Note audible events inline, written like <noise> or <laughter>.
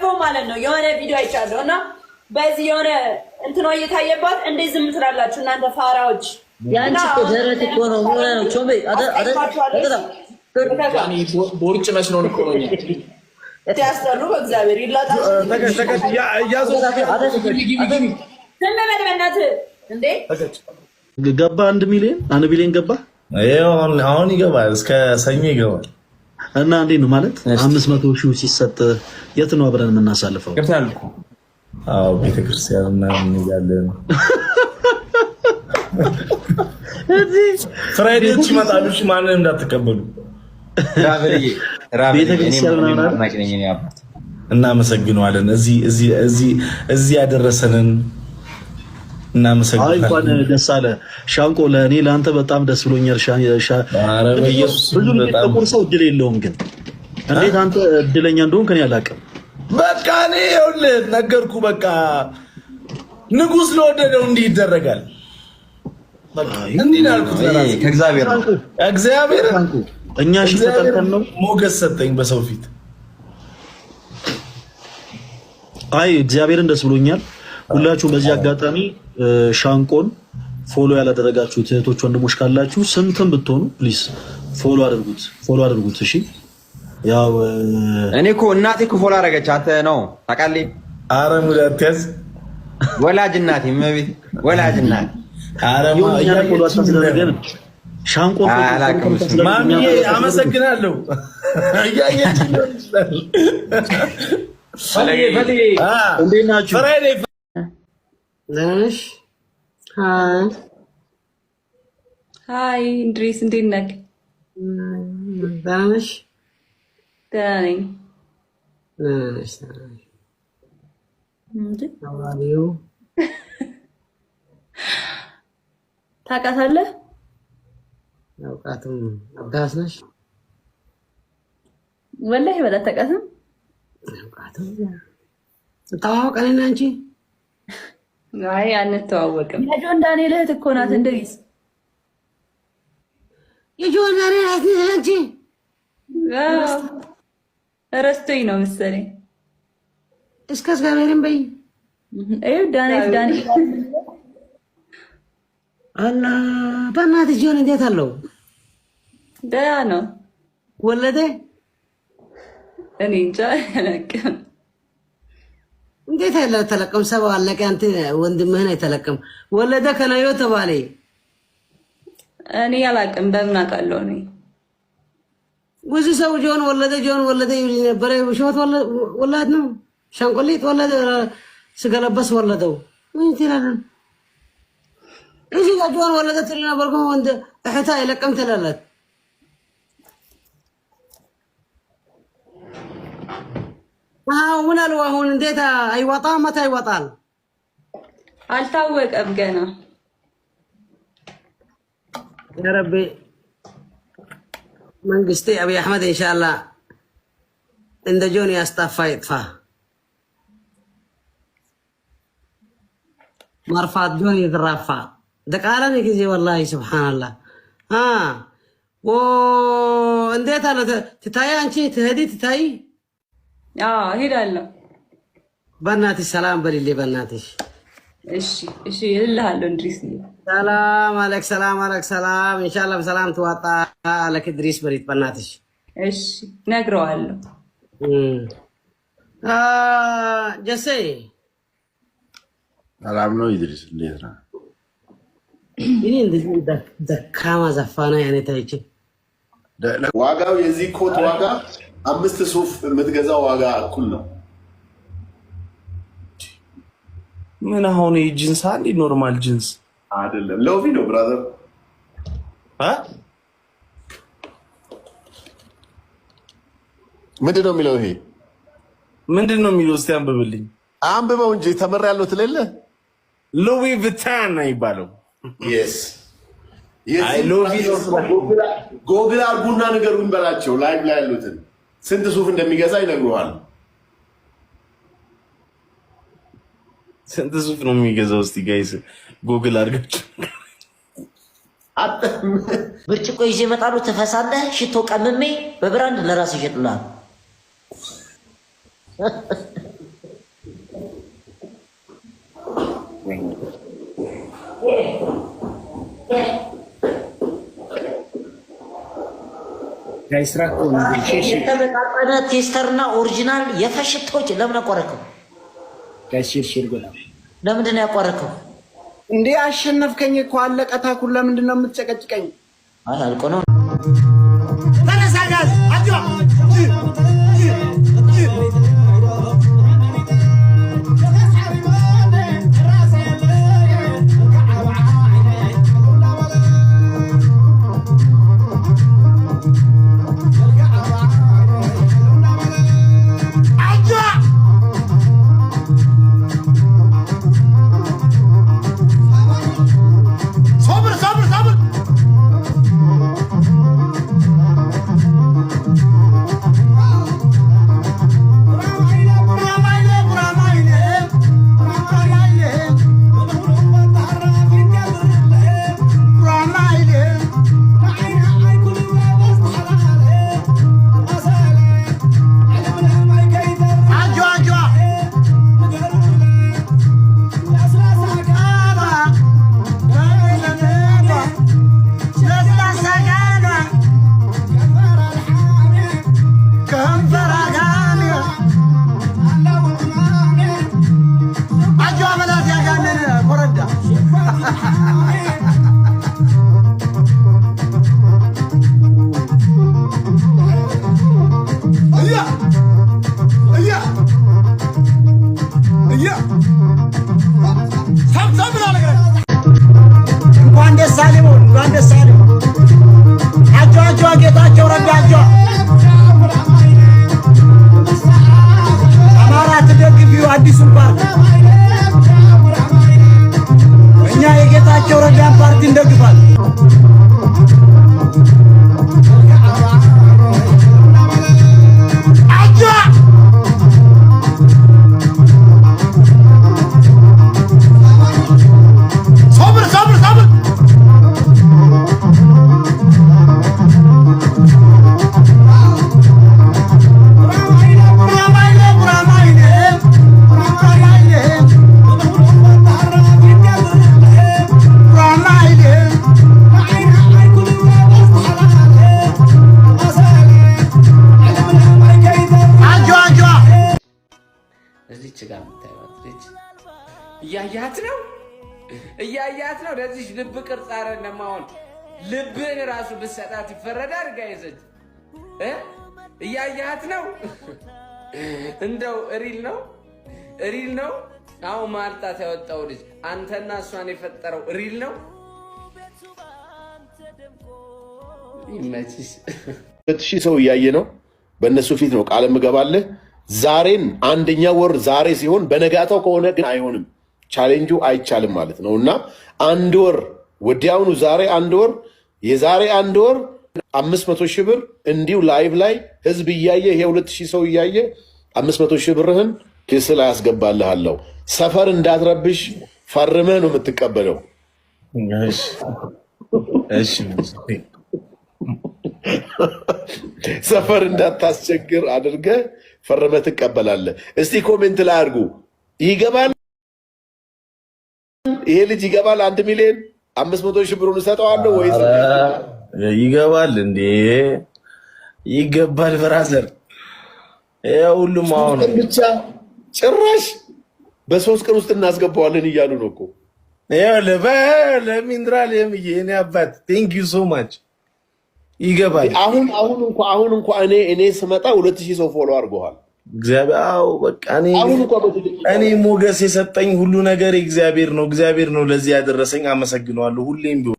ደቦ ማለት ነው። የሆነ ቪዲዮ አይቻለሁ እና በዚህ የሆነ እንትኗ እየታየባት እንዴት ዝም ትላላችሁ እናንተ ፋራዎች? ያንቺ እኮ ደረት እኮ ነው ሆነ ነው ቾቤ ቦርጭ መስሎ እኮ ነው ያስጠሉ። በእግዚአብሔር ይላጣል። በል በእናትህ እንዴ! ገባ አንድ ሚሊዮን አንድ ሚሊዮን ገባ። አሁን ይገባል፣ እስከ ሰኞ ይገባል። እና እንዴ ነው ማለት አምስት መቶ ሺህ ሲሰጥ የት ነው አብረን የምናሳልፈው? ቤተክርስቲያን እንሄዳለን። ፍራይዴዎች ይመጣሉ። ማንን እንዳትቀበሉ እናመሰግነዋለን። እዚህ ያደረሰንን እናመሰግናለን። ደስ አለ ሻንቆ፣ ለእኔ ለአንተ በጣም ደስ ብሎኛል። ብዙ ጥቁር ሰው እድል የለውም፣ ግን እንዴት አንተ እድለኛ እንደሆንክ እኔ አላውቅም። በቃ እኔ ይኸውልህ ነገርኩ። በቃ ንጉሥ ለወደደው እንዲህ ይደረጋል። እግዚአብሔር እኛ እሺ ነው። ሞገስ ሰጠኝ በሰው ፊት። አይ እግዚአብሔርን ደስ ብሎኛል። ሁላችሁም በዚህ አጋጣሚ ሻንቆን ፎሎ ያላደረጋችሁ እህቶች ወንድሞች ካላችሁ ስንትም ብትሆኑ ፕሊስ ፎሎ አድርጉት፣ ፎሎ አድርጉት። እሺ ያው እኔ እኮ እናቴ እኮ ፎሎ አደረገች። አንተ ነው ታውቃለህ። ኧረ ሙድ አትያዝ። ወላጅ እናቴ እመቤቴ፣ ወላጅ እናቴ ሻንቆ ማሚዬ አመሰግናለሁ። እያየች እንዴት ናችሁ? ዘነሽ ሀይ ሀይ እንድሪስ እንዴት ነህ? ደህና ነሽ? ደህና ነኝ። ደህና ነሽ? ተማሪው <laughs> ታውቃታለህ? አውቃትም አብዳስ ነሽ? ወላሂ በላት ታውቃትም አውቃትም ተዋወቅን እኔና አንቺ አይ አንተዋወቅም። የጆን ዳንኤል እህት እኮ ናት። እንደዚህ የጆን ዳንኤል እህት አንቺ ረስቶኝ ነው መሰለኝ። እስከ እግዚአብሔርን በይ እዩ ዳንኤል ዳንኤል አና በእናትህ ጆን እንዴት አለው? ደህና ነው። ወለደ እኔ እንጃ አላውቅም። እንዴት ተለቀም ሰባ አለቀ። አንተ ወንድምህን አይተለቀም ወለደ ከነዮ ተባለ። እኔ አላቅም፣ በምን አውቃለሁ? እኔ ብዙ ሰው ጆን ወለደ ጆን ወለደ ይል ነበረ። ሸወት ወላድ ነው፣ ሻንቆሌት ወለደ፣ ስገለበስ ወለደው ምን ትላለን? እዚህ ጋር ጆን ወለደ ትል ነበር። እህታ አይለቀም ትላላት አሁን አሉ አሁን እንዴት አይወጣ መታ ይወጣል አልታወቀም ገና يا ربي መንግስቴ አብይ አህመድ ኢንሻአላ እንደ ጆኒ አስታፋ ይጥፋ ማርፋት ጆኒ ይራፋ ደቃላን ጊዜ ወላሂ ስብሓንላህ እንዴት አለ ትታይ አንቺ ትሄዲ ትታይ ሄዳለሁ። በእናትሽ ሰላም በሌሌ በእናትሽ እሺ፣ እሺ እልሃለሁ። እንድሪስ ሰላም አለክ፣ ሰላም አለክ፣ ሰላም ኢንሻአላህ። በሰላም ትዋጣ አለክ ድሪስ በሪት በእናትሽ እሺ፣ ነግረዋለሁ። ጀሴ ሰላም ነው። ኢድሪስ እንዴት ነህ? እኔ እንደዚህ ደካማ ዘፋና ያኔ ታይቼ ዋጋው የዚህ ኮት ዋጋ አምስት ሱፍ የምትገዛ ዋጋ እኩል ነው። ምን አሁን ጂንስ አንድ ኖርማል ጂንስ አይደለም፣ ሎቪ ነው ብራዘር። ምንድን ነው የሚለው? ይሄ ምንድን ነው የሚለው? እስቲ አንብብልኝ። አንብበው እንጂ ተመራ ያለው ትለለ ሎቪ ቪታን ነው የሚባለው። ጎግል አርጉና ነገሩን በላቸው ላይ ላይ ያሉትን ስንት ሱፍ እንደሚገዛ ይነግረዋል። ስንት ሱፍ ነው የሚገዛው? እስቲ ጋይስ ጉግል አድርጋችሁ ብርጭቆ ይዤ እመጣለሁ። ትፈሳለህ። ሽቶ ቀምሜ በብራንድ ለራስ ይሸጥላል? የተመጣጠነ ቴስተርና ኦሪጂናል የፈሽቶች ለምን ያቋረከው? ለምንድን ነው ያቋረከው? እንዴ አሸነፍከኝ እኮ አለቀ ታኩር። ለምንድን ነው የምትጨቀጭቀኝ? አልቆ ነው ፓርቲ እኛ የጌታቸው ረዳን ፓርቲ እንደግፋል። እያያት ነው እያያት ነው። ለዚህ ልብ ቅርጽ አረ ለማሆን ልብን ራሱ ብሰጣት ይፈረዳል። አድርጋ ይዘች እያያት ነው። እንደው ሪል ነው ሪል ነው። አሁ ማልጣት ያወጣው ልጅ አንተና እሷን የፈጠረው ሪል ነው። ይመችሽ። ሁለት ሺህ ሰው እያየ ነው። በእነሱ ፊት ነው ቃለ ምገባለህ። ዛሬን አንደኛ ወር ዛሬ ሲሆን በነጋታው ከሆነ ግን አይሆንም። ቻሌንጁ አይቻልም ማለት ነው እና አንድ ወር ወዲያውኑ ዛሬ አንድ ወር የዛሬ አንድ ወር አምስት መቶ ሺህ ብር እንዲሁ ላይቭ ላይ ህዝብ እያየ ይሄ ሁለት ሺህ ሰው እያየ አምስት መቶ ሺህ ብርህን ኪስ ላይ ያስገባልሃለሁ። ሰፈር እንዳትረብሽ ፈርመህ ነው የምትቀበለው። ሰፈር እንዳታስቸግር አድርገህ ፈርመህ ትቀበላለህ። እስቲ ኮሜንት ላይ አድርጉ ይገባል። ይሄ ልጅ ይገባል። አንድ ሚሊዮን አምስት መቶ ሺህ ብሩን እሰጠዋለሁ ወይ ይገባል? እንዴ ይገባል። ብራዘር ሁሉም አሁን ብቻ ጭራሽ በሶስት ቀን ውስጥ እናስገባዋለን እያሉ ነው እኮ ለሚንድራል የምዬ እኔ አባት ቴንክ ዩ ሶ ማች ይገባል። አሁን አሁን እንኳ አሁን እንኳ እኔ እኔ ስመጣ ሁለት ሺህ ሰው ፎሎ አድርገዋል። እግዚአብሔር በቃ እኔ ሞገስ የሰጠኝ ሁሉ ነገር እግዚአብሔር ነው። እግዚአብሔር ነው ለዚህ ያደረሰኝ። አመሰግነዋለሁ ሁሌም ቢሆን